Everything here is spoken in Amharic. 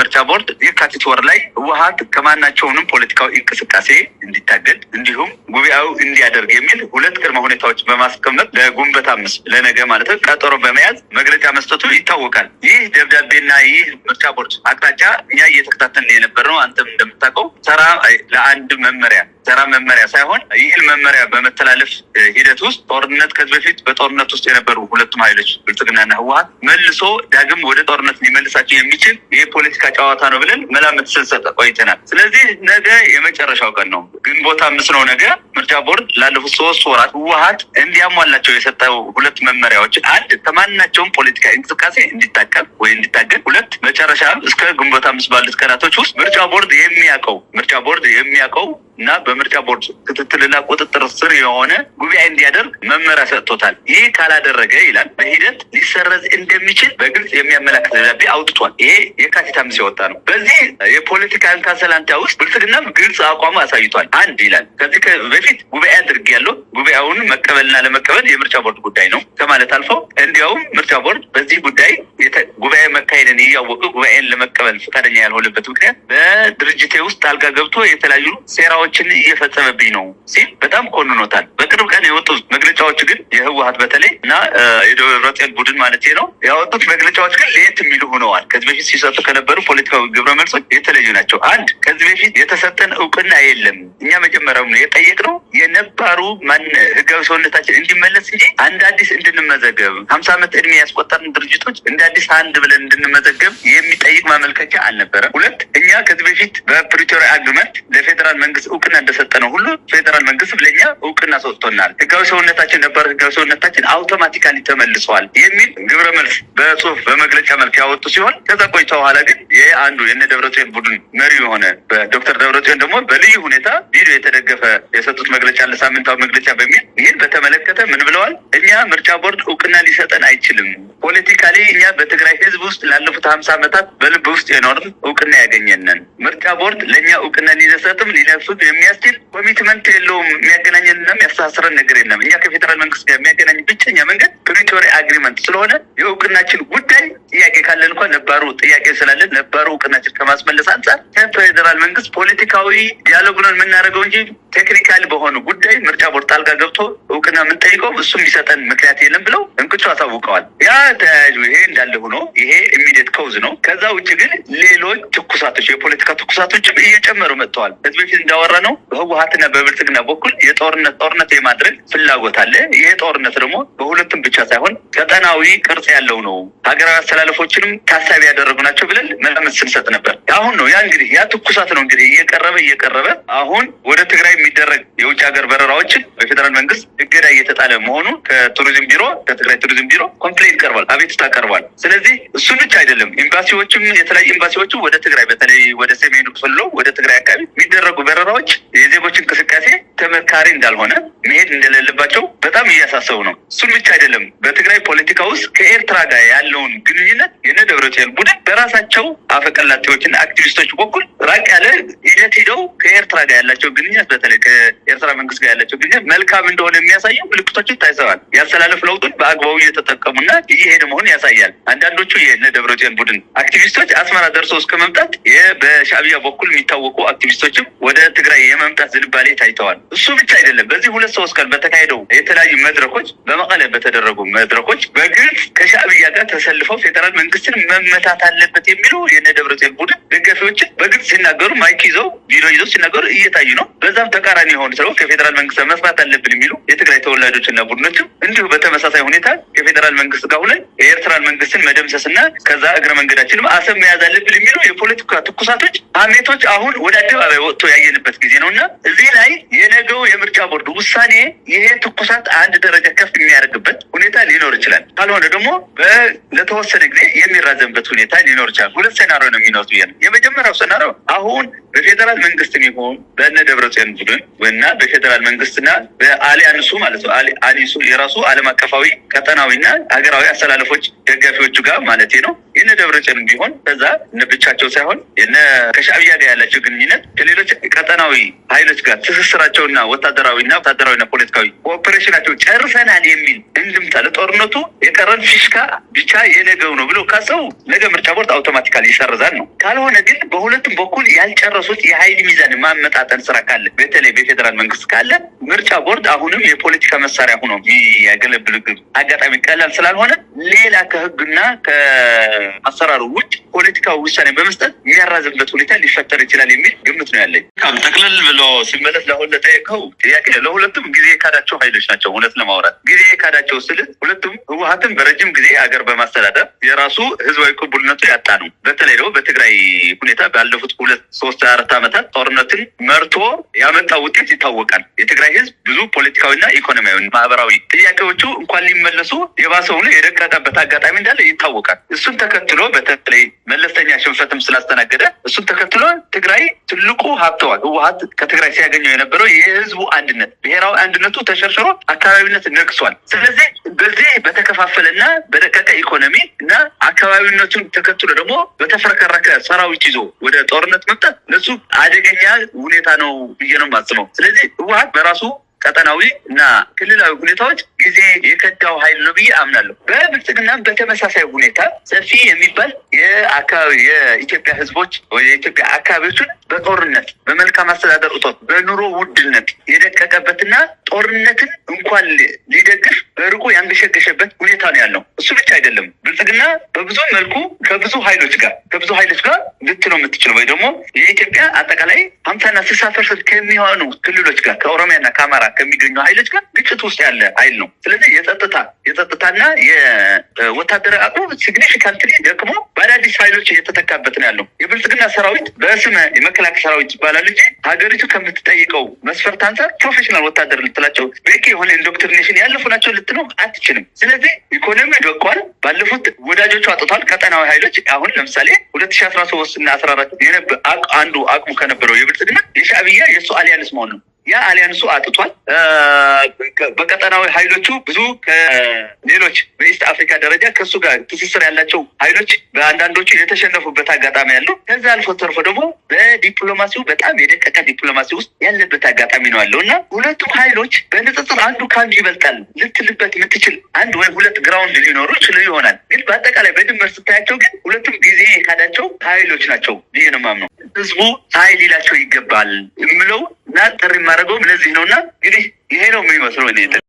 ምርጫ ቦርድ የካቲት ወር ላይ ህወሀት ከማናቸውንም ፖለቲካዊ እንቅስቃሴ እንዲታገድ እንዲሁም ጉባኤው እንዲያደርግ የሚል ሁለት ቅድመ ሁኔታዎች በማስቀመጥ ለጉንበት አምስት ለነገ ማለት ቀጠሮ በመያዝ መግለጫ መስጠቱ ይታወቃል። ይህ ደብዳቤና ይህ ምርጫ ቦርድ አቅጣጫ እኛ እየተከታተልን የነበር ነው። አንተም እንደምታውቀው ሰራ ለአንድ መመሪያ ተራ መመሪያ ሳይሆን ይህን መመሪያ በመተላለፍ ሂደት ውስጥ ጦርነት ከዚህ በፊት በጦርነት ውስጥ የነበሩ ሁለቱም ኃይሎች ብልጽግናና ህወሀት መልሶ ዳግም ወደ ጦርነት ሊመልሳቸው የሚችል ይህ ፖለቲካ ጨዋታ ነው ብለን መላምት ስንሰጥ ቆይተናል። ስለዚህ ነገ የመጨረሻው ቀን ነው፣ ግንቦት አምስት ነው። ነገ ምርጫ ቦርድ ላለፉት ሶስት ወራት ህወሀት እንዲያሟላቸው የሰጠው ሁለት መመሪያዎች፣ አንድ ከማናቸውም ፖለቲካ እንቅስቃሴ እንዲታቀም ወይ እንዲታገል፣ ሁለት መጨረሻ እስከ ግንቦት አምስት ባሉት ቀናቶች ውስጥ ምርጫ ቦርድ የሚያውቀው ምርጫ ቦርድ የሚያውቀው እና በምርጫ ቦርድ ክትትልና ቁጥጥር ስር የሆነ ጉባኤ እንዲያደርግ መመሪያ ሰጥቶታል። ይህ ካላደረገ ይላል በሂደት ሊሰረዝ እንደሚችል በግልጽ የሚያመላክት ደብዳቤ አውጥቷል። ይሄ የካቲት አምስት የወጣ ነው። በዚህ የፖለቲካ ሰላንታ ውስጥ ብልጽግናም ግልጽ አቋሙ አሳይቷል። አንድ ይላል ከዚህ በፊት ጉባኤ አድርግ ያለው ጉባኤውን መቀበልና ለመቀበል የምርጫ ቦርድ ጉዳይ ነው ከማለት አልፈው እንዲያውም ምርጫ ቦርድ በዚህ ጉዳይ እያወቀ ጉባኤን ለመቀበል ፈቃደኛ ያልሆነበት ምክንያት በድርጅቴ ውስጥ አልጋ ገብቶ የተለያዩ ሴራዎችን እየፈጸመብኝ ነው ሲል በጣም ኮንኖታል። በቅርብ ቀን የወጡት መግለጫዎች ግን የህወሀት በተለይ እና የደብረጽዮን ቡድን ማለት ነው ያወጡት መግለጫዎች ግን ለየት የሚሉ ሆነዋል። ከዚህ በፊት ሲሰጡ ከነበሩ ፖለቲካዊ ግብረ መልሶች የተለዩ ናቸው። አንድ ከዚህ በፊት የተሰጠን እውቅና የለም። እኛ መጀመሪያውም የጠየቅነው የነባሩ ማን ህጋዊ ሰውነታችን እንዲመለስ እንጂ አንድ አዲስ እንድንመዘገብ ሀምሳ ዓመት እድሜ ያስቆጠርን ድርጅቶች እንደ አዲስ አንድ ብለን እንድንመዘገብ የሚጠይቅ ማመልከቻ አልነበረም። ሁለት እኛ ከዚህ በፊት በፕሪቶሪያ አግሪመንት ለፌዴራል መንግስት እውቅና እንደሰጠነው ሁሉ ፌዴራል መንግስት ለእኛ እውቅና ሰጥቶ ይሆናል። ህጋዊ ሰውነታችን ነበር፣ ህጋዊ ሰውነታችን አውቶማቲካሊ ተመልሰዋል የሚል ግብረ መልስ በጽሁፍ በመግለጫ መልክ ያወጡ ሲሆን ከዛ ቆይታ በኋላ ግን ይህ አንዱ የነ ደብረጽዮን ቡድን መሪ የሆነ በዶክተር ደብረጽዮን ደግሞ በልዩ ሁኔታ ቪዲዮ የተደገፈ የሰጡት መግለጫ ለሳምንታዊ መግለጫ በሚል ይህን በተመለከተ ምን ብለዋል? እኛ ምርጫ ቦርድ እውቅና ሊሰጠን አይችልም። ፖለቲካሊ እኛ በትግራይ ህዝብ ውስጥ ላለፉት ሀምሳ ዓመታት በልብ ውስጥ የኖርን እውቅና ያገኘንን ምርጫ ቦርድ ለእኛ እውቅና ሊነሰጥም ሊነሱት የሚያስችል ኮሚትመንት የለውም የሚያገናኘንና የሚያሳስረን ነገር የለም። እኛ ከፌደራል መንግስት ጋር የሚያገናኝ ብቸኛ መንገድ ፕሪቶሪያ አግሪመንት ስለሆነ የእውቅናችን ጉዳይ ጥያቄ ካለን እንኳ ነባሩ ጥያቄ ስላለን ነባሩ እውቅናችን ከማስመለስ አንጻር ከፌዴራል መንግስት ፖለቲካዊ ዲያሎግ ነው የምናደርገው እንጂ ቴክኒካል በሆኑ ጉዳይ ምርጫ ቦርድ አልጋ ገብቶ እውቅና የምንጠይቀው እሱ የሚሰጠን ምክንያት የለም ብለው እንቅጩ አሳውቀዋል። ያ ተያያዥ ይሄ እንዳለ ሆኖ ይሄ ኢሚዲየት ከውዝ ነው። ከዛ ውጭ ግን ሌሎች ትኩሳቶች፣ የፖለቲካ ትኩሳቶችም እየጨመሩ መጥተዋል። ህዝብ ፊት እንዳወራ ነው በህወሀትና በብልጽግና በኩል የጦርነት ጦርነት የማድረግ ፍላጎት አለ። ይሄ ጦርነት ደግሞ በሁለቱም ብቻ ሳይሆን ቀጠናዊ ቅርጽ ያለው ነው ሀገራዊ አስተላለፎችንም ታሳቢ ያደረጉ ናቸው ብለን መላምት ስንሰጥ ነበር። አሁን ነው ያ እንግዲህ ያ ትኩሳት ነው እንግዲህ እየቀረበ እየቀረበ አሁን ወደ ትግራይ የሚደረግ የውጭ ሀገር በረራዎችን በፌደራል መንግስት እገዳ እየተጣለ መሆኑ ከቱሪዝም ቢሮ ከትግራይ ቱሪዝም ቢሮ ኮምፕሌን ቀርቧል፣ አቤቱታ ቀርቧል። ስለዚህ እሱን ብቻ አይደለም ኤምባሲዎችም የተለያዩ ኤምባሲዎቹ ወደ ትግራይ በተለይ ወደ ሰሜኑ ክፍል ወደ ትግራይ አካባቢ የሚደረጉ በረራዎች የዜጎች እንቅስቃሴ ተመካሪ እንዳልሆነ መሄድ እንደሌለባቸው በጣም እያሳሰቡ ነው። እሱን ብቻ አይደለም። በትግራይ ፖለቲካ ውስጥ ከኤርትራ ጋር ያለውን ግንኙነት የነ ደብረጽዮን ቡድን በራሳቸው አፈቀላጤዎችና አክቲቪስቶች በኩል ራቅ ያለ ሂደት ሂደው ከኤርትራ ጋር ያላቸው ግንኙነት በተለይ ከኤርትራ መንግስት ጋር ያላቸው ግንኙነት መልካም እንደሆነ የሚያሳየው ምልክቶችን ታይሰዋል። ያስተላለፍ ለውጡን በአግባቡ እየተጠቀሙና እየሄደ መሆን ያሳያል። አንዳንዶቹ የነ ደብረጽዮን ቡድን አክቲቪስቶች አስመራ ደርሰው እስከ መምጣት በሻዕቢያ በኩል የሚታወቁ አክቲቪስቶችም ወደ ትግራይ የመምጣት ዝንባሌ ታይተዋል። እሱ ብቻ አይደለም። በዚህ ሁለት ሶስት ቀን በተካሄደው የተለያዩ መድረኮች፣ በመቀለ በተደረጉ መድረኮች በግልጽ ከሻብያ ጋር ተሰልፈው ፌዴራል መንግስትን መመታት አለበት የሚሉ የነ ደብረጽዮን ቡድን ደጋፊዎችን በግልጽ ሲናገሩ ማይክ ይዘው ቪዲዮ ይዘው ሲናገሩ እየታዩ ነው። በዛም ተቃራኒ የሆኑ ሰው ከፌዴራል መንግስት መስራት አለብን የሚሉ የትግራይ ተወላጆችና ቡድኖችም እንዲሁ በተመሳሳይ ሁኔታ ከፌዴራል መንግስት ጋር ሁነን የኤርትራን መንግስትን መደምሰስና ከዛ እግረ መንገዳችንም አሰብ መያዝ አለብን የሚሉ የፖለቲካ ትኩሳቶች፣ ሀሜቶች አሁን ወደ አደባባይ ወጥቶ ያየንበት ጊዜ ነው እና እዚህ ላይ የነገው የምርጫ ቦርድ ውሳኔ ይሄ ትኩሳት አንድ ደረጃ ከፍ የሚያደርግበት ሁኔታ ሊኖር ይችላል። ካልሆነ ደግሞ ለተወሰነ ጊዜ የሚራዘምበት ሁኔታ ሊኖር ይችላል። ሁለት ሴናሪዮ ነው የሚኖር ብዬ ነው። የመጀመሪያው ሴናሪዮ አሁን በፌዴራል መንግስት የሚሆን በእነ ደብረጽዮን ቡድን እና በፌዴራል መንግስትና በአሊያንሱ ማለት ነው አሊሱ የራሱ ዓለም አቀፋዊ ቀጠናዊና ሀገራዊ አስተላለፎች ደጋፊዎቹ ጋር ማለት ነው የነ ደብረጽዮን ቢሆን በዛ እነ ብቻቸው ሳይሆን የነ ከሻዕቢያ ጋር ያላቸው ግንኙነት ከሌሎች ቀጠናዊ ኃይሎች ጋር ትስስራቸውና ወታደራዊና ወታደራዊና ፖለቲካዊ ኦፕሬሽናቸው ጨርሰናል የሚል እንድምታ ለጦርነቱ የቀረን ፊሽካ ብቻ የነገው ነው ብሎ ካሰቡ ነገ ምርጫ ቦርድ አውቶማቲካል ይሰርዛል ነው። ካልሆነ ግን በሁለቱም በኩል ያልጨረሱት የሀይል ሚዛን ማመጣጠን ስራ ካለ በተለይ በፌዴራል መንግስት ካለ ምርጫ ቦርድ አሁንም የፖለቲካ መሳሪያ ሆኖ ያገለብል አጋጣሚ ቀላል ስላልሆነ ሌላ ከህግና ከአሰራሩ ውጭ ፖለቲካዊ ውሳኔ በመስጠት የሚያራዝምበት ሁኔታ ሊፈጠር ይችላል የሚል ግምት ነው ያለኝ። ጠቅልል ብሎ ሲመለስ ለሁለ ጠየቀው ጥያቄ ለሁለቱም ጊዜ የካዳቸው ሀይሎች ናቸው። እውነት ለማውራት ጊዜ የካዳቸው ናቸው ስል ሁለቱም ህወሀትን በረጅም ጊዜ አገር በማስተዳደር የራሱ ህዝባዊ ቅቡልነቱ ያጣ ነው። በተለይ ደግሞ በትግራይ ሁኔታ ባለፉት ሁለት ሶስት አራት ዓመታት ጦርነትን መርቶ ያመጣ ውጤት ይታወቃል። የትግራይ ህዝብ ብዙ ፖለቲካዊና ኢኮኖሚያዊ፣ ማህበራዊ ጥያቄዎቹ እንኳን ሊመለሱ የባሰው ብሎ የደቀቀበት አጋጣሚ እንዳለ ይታወቃል። እሱን ተከትሎ በተለይ መለስተኛ ሽንፈትም ስላስተናገደ እሱን ተከትሎ ትግራይ ትልቁ ሀብተዋል ህወሀት ከትግራይ ሲያገኘው የነበረው የህዝቡ አንድነት ብሔራዊ አንድነቱ ተሸርሽሮ አካባቢነት ነግሷል። ስለዚህ በዚህ በተከፋፈለና በደቀቀ ኢኮኖሚ እና አካባቢነቱን ተከትሎ ደግሞ በተፈረከረከ ሰራዊት ይዞ ወደ ጦርነት መምጣት ለሱ አደገኛ ሁኔታ ነው ብዬ ነው የማስበው። ስለዚህ ህወሀት በራሱ ቀጠናዊ እና ክልላዊ ሁኔታዎች ጊዜ የከዳው ኃይል ነው ብዬ አምናለሁ። በብልጽግና በተመሳሳይ ሁኔታ ሰፊ የሚባል የአካባቢ የኢትዮጵያ ህዝቦች ወይ የኢትዮጵያ አካባቢዎችን በጦርነት በመልካም አስተዳደር እጦት፣ በኑሮ ውድነት የደቀቀበትና ጦርነትን እንኳን ሊደግፍ በርቆ ያንገሸገሸበት ሁኔታ ነው ያለው። እሱ ብቻ አይደለም፣ ብልጽግና በብዙ መልኩ ከብዙ ኃይሎች ጋር ከብዙ ኃይሎች ጋር ነው የምትችለው ወይ ደግሞ የኢትዮጵያ አጠቃላይ ሀምሳና ስልሳ ፐርሰንት ከሚሆኑ ክልሎች ጋር ከኦሮሚያና ከአማራ ከሚገኙ ኃይሎች ጋር ግጭት ውስጥ ያለ ኃይል ነው። ስለዚህ የጸጥታ የጸጥታና የወታደራዊ አቅሙ ሲግኒፊካንትሊ ደክሞ በአዳዲስ ኃይሎች እየተተካበት ነው ያለው። የብልጽግና ሰራዊት በስመ የመከላከያ ሰራዊት ይባላል እንጂ ሀገሪቱ ከምትጠይቀው መስፈርት አንጻር ፕሮፌሽናል ወታደር ልትላቸው በቂ የሆነ ኢንዶክትሪኔሽን ያለፉ ናቸው ልት ልትኖር አትችልም። ስለዚህ ኢኮኖሚ ደቋል። ባለፉት ወዳጆቹ አጥቷል። ቀጠናዊ ኃይሎች አሁን ለምሳሌ ሁለት ሺ አስራ ሶስት እና አስራ አራት አንዱ አቅሙ ከነበረው የብልጽግና የሻዕብያ የእሱ አሊያንስ መሆን ነው። ያ አሊያንሱ አጥቷል። በቀጠናዊ ኃይሎቹ ብዙ ከሌሎች በኢስት አፍሪካ ደረጃ ከሱ ጋር ትስስር ያላቸው ኃይሎች በአንዳንዶቹ የተሸነፉበት አጋጣሚ ያለው ከዛ አልፎ ተርፎ ደግሞ በዲፕሎማሲው በጣም የደቀቀ ዲፕሎማሲ ውስጥ ያለበት አጋጣሚ ነው ያለው እና ሁለቱም ኃይሎች በንጽጽር አንዱ ከአንዱ ይበልጣል ልትልበት የምትችል አንድ ወይ ሁለት ግራውንድ ሊኖሩ ችሉ ይሆናል። ግን በአጠቃላይ በድምር ስታያቸው ግን ሁለቱም ጊዜ የካዳቸው ኃይሎች ናቸው ብዬ ነው የማምነው። ህዝቡ ኃይል ሊላቸው ይገባል የምለው እና ጥሪ የማደርገውም ለዚህ ነው እና እንግዲህ ይሄ ነው የሚመስለው እኔ